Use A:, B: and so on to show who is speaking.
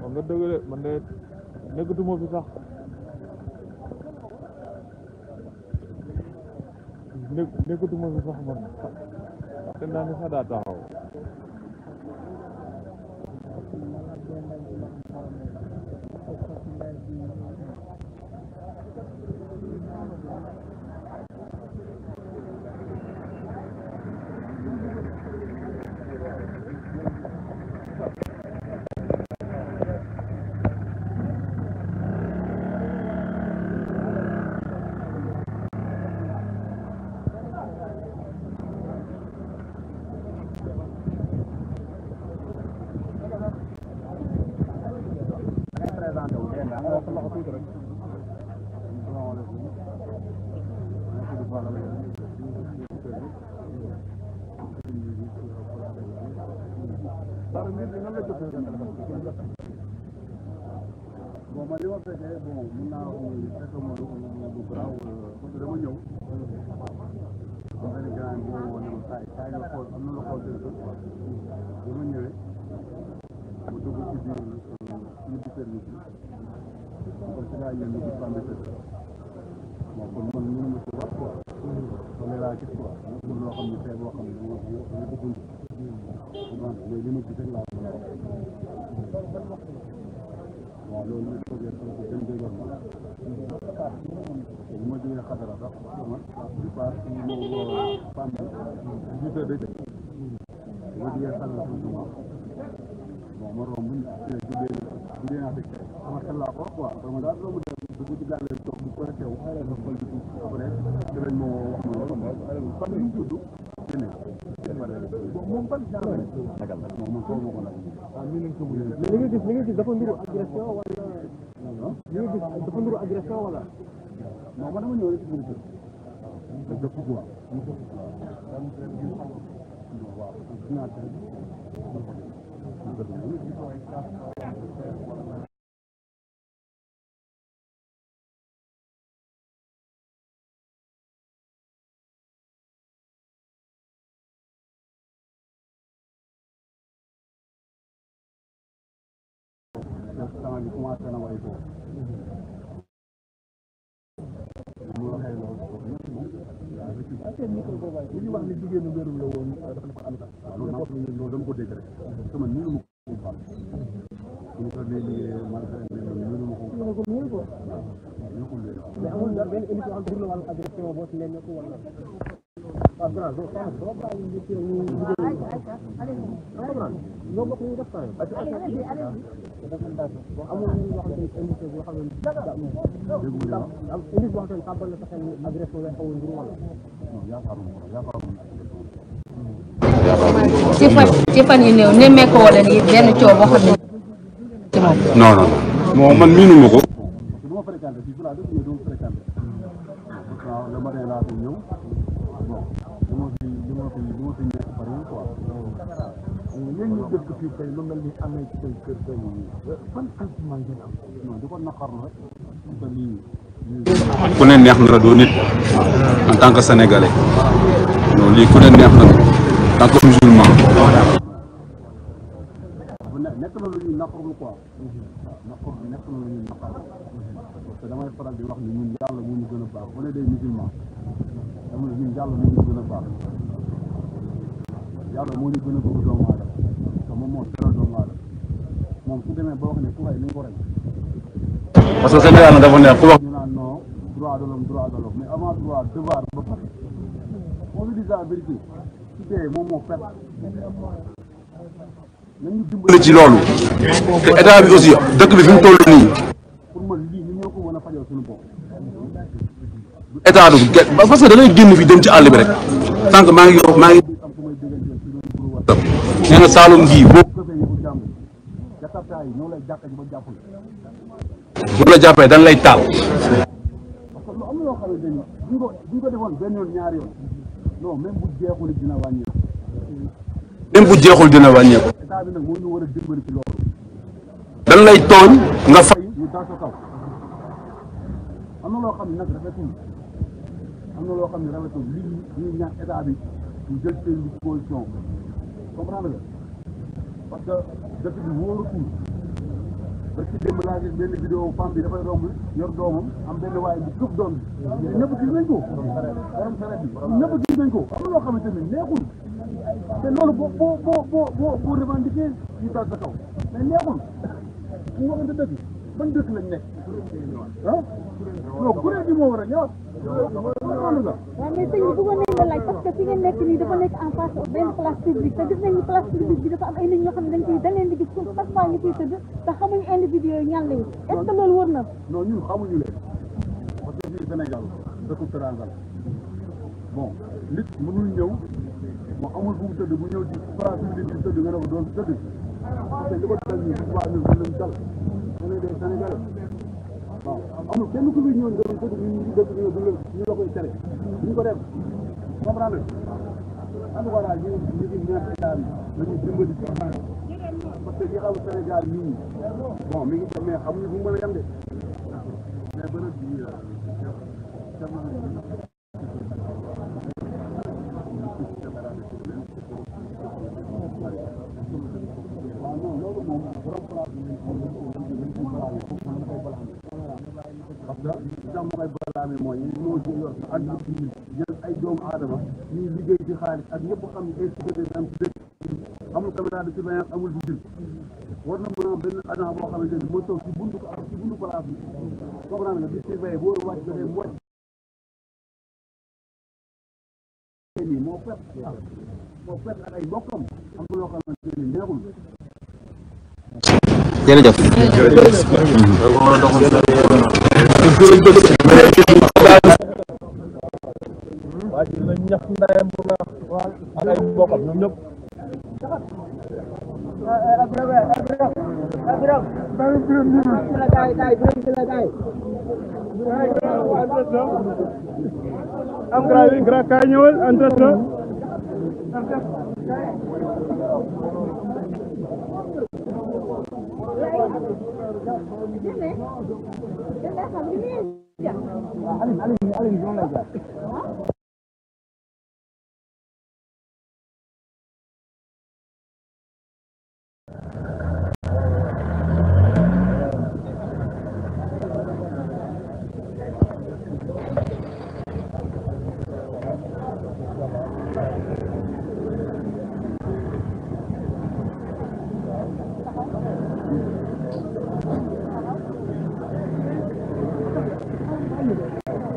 A: moom nga dëgg de man de nekkatuma fi sax nekkatuma fi sax man te naa ni daa taxaw bàyyi sa loxo tuuti rek bon man li ma fekkee bon mun naa fekk ma du du garaaw parce que dama ñëw benn grand bi moo woon ma kaay kaay nga xool am na lu xool dëgg bi ma ñëwee ma dugg ci biir unité service bi Australia and the family system. Well, for one minimum to work for. So they like it for. You can walk on the fair walk on the walk on the walk on the walk on the limit to take last one. Well, no, no, so we have to go to the government. المدينة godiya sallah tuma bon mo romb jube jube na tek sama xel laa ko quoi sama daal romb dem bu guddi daal leen toog bu ko teew sama xol bi tuuti après ci lañ ma woo wax ma loolu fan ñu tudd gene bon moom ban genre la moom moom ko mo ko la mi ngi ko mu li nga gis li nga gis dafa nduru agression wala li nga gis dafa nduru agression wala non ma dama ñëw rek ci biir kër dafa quoi temps bi commencé na way ko li ñu wax ne jigéenu wérul la woon dafa ne ko am sax loolu dama ko dégg rek sama nii la ma ko baax ñu ko léegi malgré ñu ma ko ñu ko mais amul na benn émission am pour wàllu agression boo ci leen nekk wala waaw grand ñoo bokk ñu def tawam parce que amul ñu wax tey indicé boo xam ne da am indice boo a njur wala ci fan moom man miinu ma ko dama fréquenté ci village bi yi quoi yéen ñu dëkk fii tey lu mel ni amee ku ne neex na la doo nit en tant que sénégalais non lii ku ne neex na en musulman na lu ñuy na lu ñuy naqarlu di wax ni ñun yàlla moo ñu gën a baax bu ne day musulman dama ne a baax yàlla moo ñu gën a bëgg doomu aadama te moom moo teral doomu aadama moom su demee ba wax ne ku rey nañ ko rey parce que seen yàlla dafa neex ku wax ñu naan non droit de l'homme droit de l'homme mais avant droit devoir ba pare on lui dit la vérité su dee moom moo perte nañu dimbali ci loolu te état bi aussi dëkk bi fi mu toll nii pour man lii ñu ñoo ko mën a fajal suñu bopp état du parce que da ngay génn fi dem ci àll bi rek sànq maa ngi maa ngi nee na Saalum gii boo bu la jàppee dañ lay taal même bu jeexul dina wàññeeku dañ lay tooñ nga fay am na loo xam ne rawatina li ñuy ñaan bi ñu jël seen disposition comprendre nga parce que dëkk bi wóorutul parce que démb laa gis benn vidéo femme bi dafay romb yor doomam am benn waay bu tub doom bi ñëpp gis nañ ko borom saret bi ñëpp gis nañ ko am na loo xamante ne neexul te loolu boo boo boo boo boo revendiqué ñu dal sa kaw mais neexul ñu waxante dëgg ban dëkk lañ nekk ah non kuréel bi moo war a ñëwaat. loolu mais sëñ bi bëggoon nañ la laaj parce nekk nii dafa nekk en face benn place publique te gis nañu place publique bi dafa am ay nit ñoo xam ne dañ ciy da leen di gis chaque fois ñu tëdd te xamuñu individu yooyu ñan lañu est ce loolu wër na. non ñun xamuñu leen parce que ñëw mu amul fu tëdd bu ñëw ci place publique bi tëdd nga ne doon tëdd parce que li ko dal ñu waa ñun dinañ dal. waaw amul kenn ku fi ñëw nga ko ñu dëkk ñu ñu la koy tere ñu ko def comprendre en tout cas daal ñu ñu ngi ñaan état bi dañuy dimbali parce que xaw Sénégal ñii bon mi ngi dem mais xamuñu fu mu mën a yem de mais bërëb bi waaw non loolu moom parce que li balaame mooy ñoo jël yor ak jël ay doomu aadama ñuy liggéey ci xaalis ak ñëpp xam ne insécurité am ci amul caméra de surveillance amul vigile war na mën a am benn agent boo xamante ni moo toog ci buntu ko ci buntu place bi comprendre nga di surveiller boo war a wàcc dafay wàcc moo fet ak ay mbokkam am na loo xamante neexul jërëjëf. waa ji la ñax ndayam bu baax ak ay mbokkam ñoom ñëpp.
B: am grand grand kaay
A: ñëwal Değil mi? Ben kalbimi yiyeceğim. Alayım, alayım, alayım. Onunla gel.